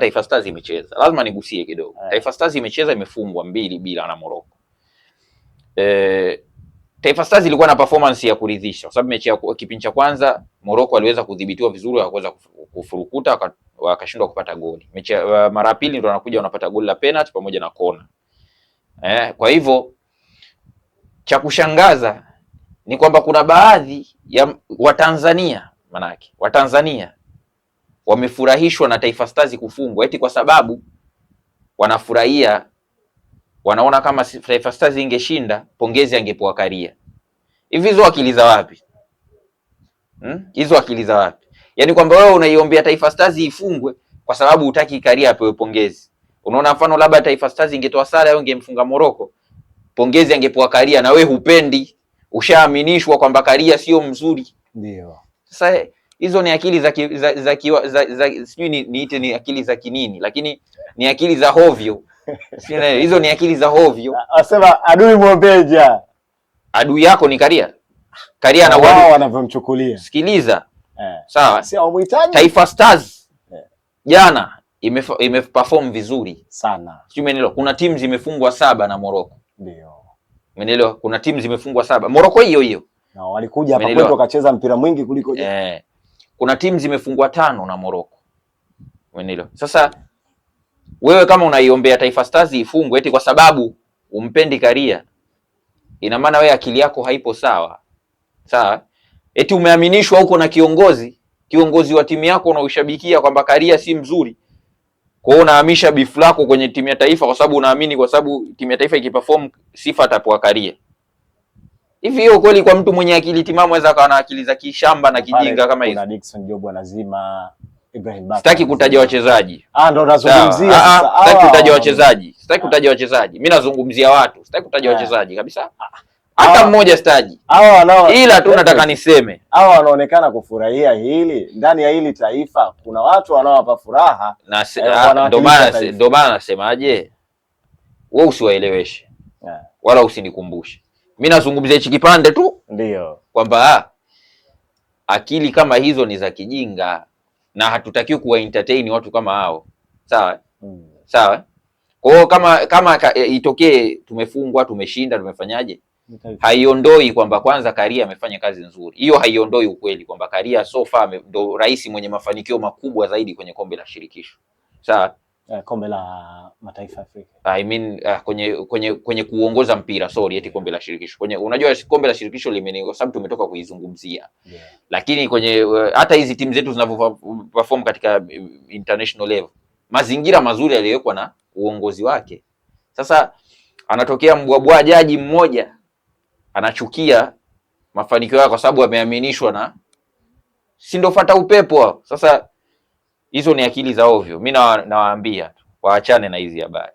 Taifa Stars imecheza, lazima nigusie kidogo yeah. Taifa Stars imecheza imefungwa mbili bila na Morocco. eh, Taifa Stars ilikuwa na performance ya kuridhisha kwa sababu mechi ya kipindi cha kwanza Morocco aliweza kudhibitiwa vizuri, akaweza kufurukuta, wakashindwa kupata goli. Mechi mara ya pili ndio anakuja wanapata goli la penalty pamoja na kona. Eh, kwa hivyo cha kushangaza ni kwamba kuna baadhi ya Watanzania manake Watanzania wamefurahishwa na Taifa Stars kufungwa, eti kwa sababu wanafurahia, wanaona kama Taifa Stars ingeshinda pongezi angepewa Karia. Hivi hizo akili za wapi hmm? hizo hmm? akili za wapi? Yaani kwamba wewe unaiombea Taifa Stars ifungwe kwa sababu hutaki Karia apewe pongezi. Unaona, mfano labda Taifa Stars ingetoa sare au ingemfunga Moroko, pongezi angepewa Karia, na we hupendi, ushaaminishwa kwamba Karia sio mzuri. Ndio sasa hizo ni akili za sijui za, za, za, za, za, niite ni akili za kinini, lakini ni akili za hovyo hizo ni akili za hovyo. Asema adui mwombeja, adui yako ni Karia. Karia na wao wanavyomchukulia, sikiliza eh. Sawa, Taifa Stars eh, jana imeperform ime vizuri sana, sijui umenielewa. Kuna timu zimefungwa saba na Morocco, ndio umenielewa. Kuna timu zimefungwa saba Morocco hiyo hiyo, na walikuja hapa kwetu wakacheza mpira mwingi kuliko eh kuna timu zimefungwa tano na Morocco. Umeelewa? Sasa wewe kama unaiombea Taifa Stars ifungwe eti kwa sababu umpendi Karia, ina maana wewe akili yako haipo sawa. Sawa? Eti umeaminishwa huko na kiongozi, kiongozi wa timu yako unaoishabikia kwamba Karia si mzuri. Kwa hiyo unahamisha bifu lako kwenye timu ya taifa kwa sababu unaamini kwa sababu timu ya taifa ikiperform sifa atapoa Karia. Hivi hiyo kweli kwa mtu mwenye akili timamu aweza akawa na akili za kishamba na kijinga kama hizo? Dickson Job lazima Ibrahim Bakari, Sitaki kutaja wachezaji. Ah, ndo nazungumzia. Ah, ah, sitaki ah. kutaja wachezaji. Sitaki kutaja wachezaji. Mimi nazungumzia watu. Sitaki kutaja wachezaji kabisa. Hata mmoja sitaji. Hawa ila tu nataka niseme. Hawa wanaonekana kufurahia hili. Ndani ya hili taifa kuna watu wanaowapa furaha. Na eh, ndio maana ndio maana nasemaje? Wewe usiwaeleweshe. Wala usinikumbushe mi nazungumzia hichi kipande tu, ndio kwamba akili kama hizo ni za kijinga na hatutakiwi kuwa entertain watu kama hao, sawa mm. sawa. Kwa hiyo kama kama ka, e, itokee tumefungwa, tumeshinda, tumefanyaje, haiondoi kwamba kwanza Karia amefanya kazi nzuri. Hiyo haiondoi ukweli kwamba Karia so far ndo rais mwenye mafanikio makubwa zaidi kwenye kombe la shirikisho, sawa Eh, kombe la mataifa Afrika. I mean, uh, kwenye kwenye kwenye kuongoza mpira sorry, eti kombe la shirikisho kwenye, unajua kombe la shirikisho limeni kwa sababu tumetoka kuizungumzia yeah. Lakini kwenye eh, hata hizi timu zetu zinavyoperform katika international level, mazingira mazuri yaliyowekwa na uongozi wake. Sasa anatokea mbwabwa jaji mmoja anachukia mafanikio yao kwa sababu ameaminishwa na si ndo fata upepo. Sasa Hizo ni akili za ovyo, mi nawaambia tu waachane na hizi habari.